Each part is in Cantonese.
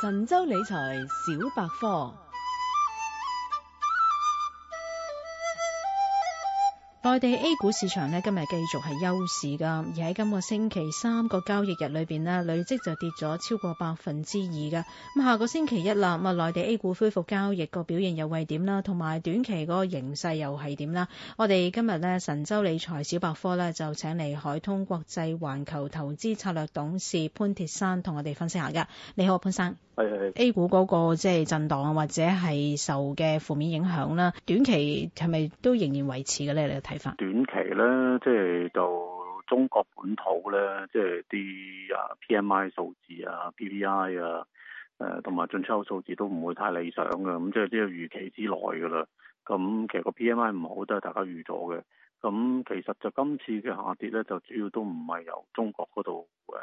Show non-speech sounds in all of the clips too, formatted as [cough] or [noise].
神州理財小百科，內地 A 股市場呢今日繼續係休市噶，而喺今個星期三個交易日裏邊累積就跌咗超過百分之二噶。咁、嗯、下個星期一啦，啊、嗯、內地 A 股恢復交易個表現又會點啦？同埋短期嗰個形勢又係點啦？我哋今日呢，神州理財小百科呢，就請嚟海通國際環球投資策略董事潘鐵珊同我哋分析一下嘅。你好，潘生。A 股嗰個即係震盪啊，或者係受嘅負面影響啦。短期係咪都仍然維持嘅咧？你嘅睇法？短期咧，即係就中國本土咧，即係啲啊 P M I 數字啊、P P I 啊，誒同埋進出口數字都唔會太理想嘅。咁即係呢個預期之內嘅啦。咁其實個 P M I 唔好都係大家預咗嘅。咁其實就今次嘅下跌咧，就主要都唔係由中國嗰度誒。啊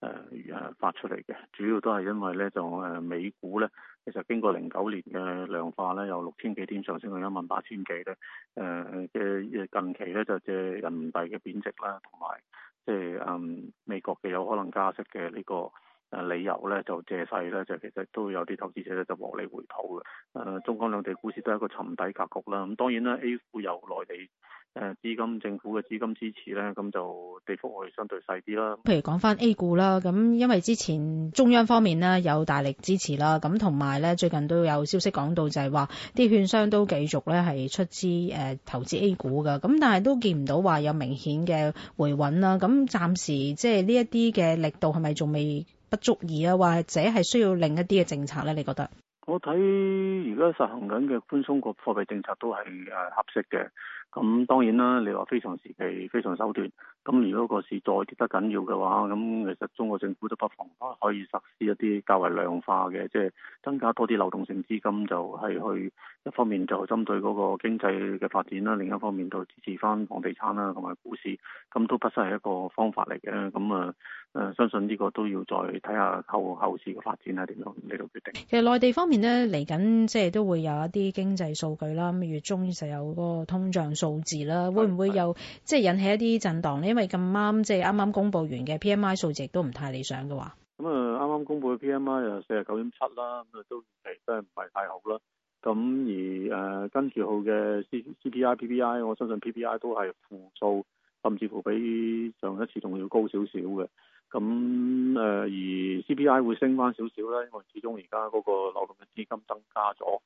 誒誒、呃，發出嚟嘅主要都係因為咧就誒、呃、美股咧，其實經過零九年嘅量化咧，由六千幾點上升到一萬八千幾咧。誒、呃、嘅近期咧就借人民幣嘅貶值啦，同埋即係嗯美國嘅有可能加息嘅呢個誒理由咧，就借勢咧就其實都有啲投資者咧就獲利回吐嘅。誒、呃，中港兩地股市都係一個沉底格局啦。咁當然啦，A 股由內地。誒，資金政府嘅資金支持咧，咁就跌幅會相對細啲啦。譬如講翻 A 股啦，咁因為之前中央方面呢有大力支持啦，咁同埋咧最近都有消息講到就，就係話啲券商都繼續咧係出資誒投資 A 股噶，咁但係都見唔到話有明顯嘅回穩啦。咁暫時即係呢一啲嘅力度係咪仲未不足爾啊？或者係需要另一啲嘅政策咧？你覺得？我睇而家實行緊嘅寬鬆個貨幣政策都係誒合適嘅。咁當然啦，你話非常時期，非常手段。咁如果個市再跌得緊要嘅話，咁其實中國政府都不妨可以實施一啲較為量化嘅，即係增加多啲流動性資金，就係去一方面就針對嗰個經濟嘅發展啦，另一方面就支持翻房地產啦同埋股市，咁都不失係一個方法嚟嘅。咁啊，呃，相信呢個都要再睇下後，後市嘅發展係點樣嚟到決定。其實內地方面咧，嚟緊即係都會有一啲經濟數據啦，咁月中就有個通脹數字啦，會唔會有即係的引起一啲震盪咧？因為咁啱，即係啱啱公佈完嘅 P M I 數字都唔太理想嘅話，咁啊啱啱公佈嘅 P M I 啊四十九點七啦，咁啊都真係唔係太好啦。咁而誒跟住後嘅 C C P I P P I，我相信 P P I 都係負數，甚至乎比上一次仲要高少少嘅。咁誒而 C P I 會升翻少少啦，因為始終而家嗰個流動嘅資金增加咗。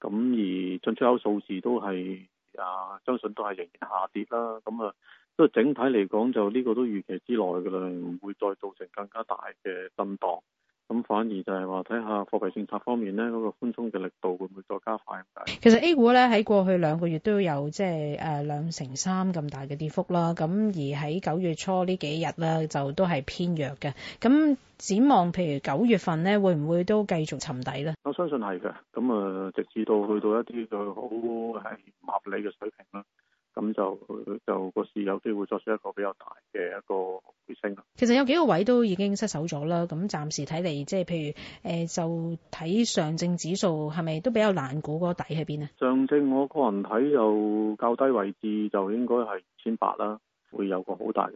咁而進出口數字都係啊，相信都係仍然下跌啦。咁啊。所以整體嚟講，就呢個都預期之內嘅啦，唔會再造成更加大嘅震盪。咁反而就係話睇下貨幣政策方面咧，嗰個寬鬆嘅力度會唔會再加快大？其實 A 股咧喺過去兩個月都有即係誒兩成三咁大嘅跌幅啦。咁而喺九月初呢幾日咧，就都係偏弱嘅。咁展望譬如九月份咧，會唔會都繼續沉底咧？我相信係嘅。咁啊，直至到去到一啲就好係唔合理嘅水平啦。咁就就個市有機會作出一個比較大嘅一個回升。其實有幾個位都已經失守咗啦。咁暫時睇嚟，即係譬如誒、呃，就睇上證指數係咪都比較難估個底喺邊啊？上證我個人睇就較低位置就應該係二千八啦，會有個好大嘅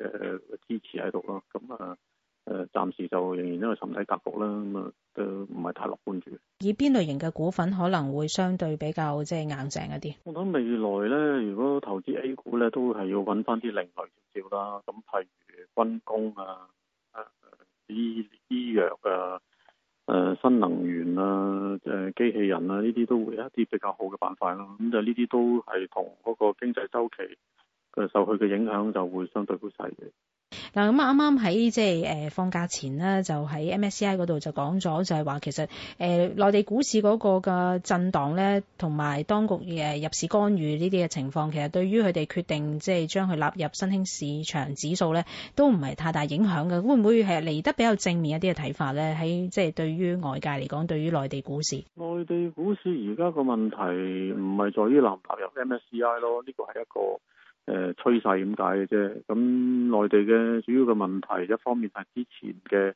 支持喺度啦。咁啊誒，暫時就仍然因為沉睇格局啦。咁啊，都唔係太樂觀住。以邊類型嘅股份可能會相對比較即係硬淨一啲？我諗未來咧，如果啲股咧都係要揾翻啲另類少少啦，咁譬如軍工啊、誒醫醫藥啊、誒、呃、新能源啊、誒機器人啊，呢啲都會有一啲比較好嘅板塊啦。咁就呢啲都係同嗰個經濟週期嘅受佢嘅影響就會相對好細嘅。嗱，咁啱啱喺即係誒放假前呢，就喺 MSCI 嗰度就講咗，就係話其實誒內地股市嗰個嘅震盪咧，同埋當局誒入市干預呢啲嘅情況，其實對於佢哋決定即係將佢納入新興市場指數咧，都唔係太大影響嘅。會唔會係嚟得比較正面一啲嘅睇法咧？喺即係對於外界嚟講，對於內地股市，內地股市而家個問題唔係在於納唔納入 MSCI 咯，呢個係一個。誒，趨勢咁解嘅啫。咁內地嘅主要嘅問題，一方面係之前嘅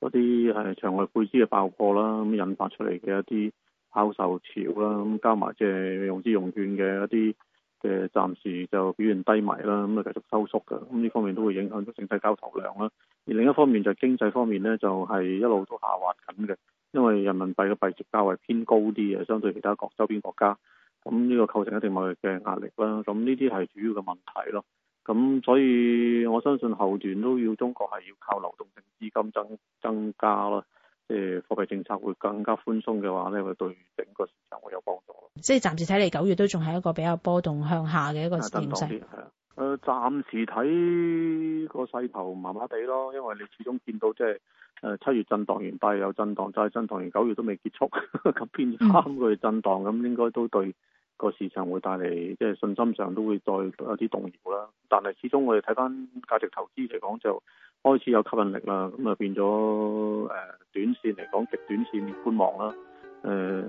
嗰啲係場外配資嘅爆破啦，咁引發出嚟嘅一啲拋售潮啦，咁加埋即係融資融券嘅一啲嘅暫時就表現低迷啦，咁啊繼續收縮㗎。咁呢方面都會影響到整體交投量啦。而另一方面就經濟方面咧，就係、是、一路都下滑緊嘅，因為人民幣嘅幣值較為偏高啲嘅，相對其他國周邊國家。咁呢個構成一定係嘅壓力啦。咁呢啲係主要嘅問題咯。咁所以我相信後段都要中國係要靠流動性資金增增加咯。即係貨幣政策會更加寬鬆嘅話咧，會對整個市場會有幫助。即係暫時睇嚟，九月都仲係一個比較波動向下嘅一個時間勢。係啊。誒，暫時睇個勢頭麻麻地咯，因為你始終見到即係。誒，七月震盪完，八月有震盪，再震盪完，九月都未結束，咁 [laughs] 變三個月震盪，咁、嗯、應該都對個市場會帶嚟，即、就、係、是、信心上都會再有啲動搖啦。但係始終我哋睇翻價值投資嚟講，就開始有吸引力啦。咁啊變咗誒、呃，短線嚟講極短線觀望啦，誒、呃，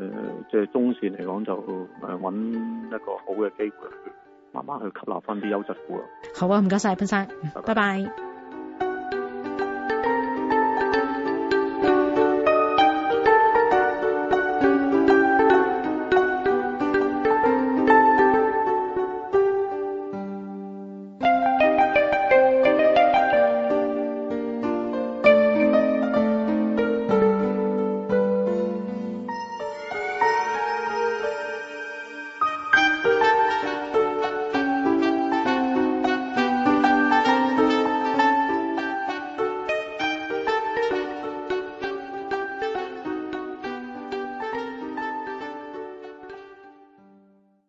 即、就、係、是、中線嚟講就誒揾、呃、一個好嘅機會，慢慢去吸納翻啲優質股啦。好啊，唔該晒，潘生，拜拜。Bye bye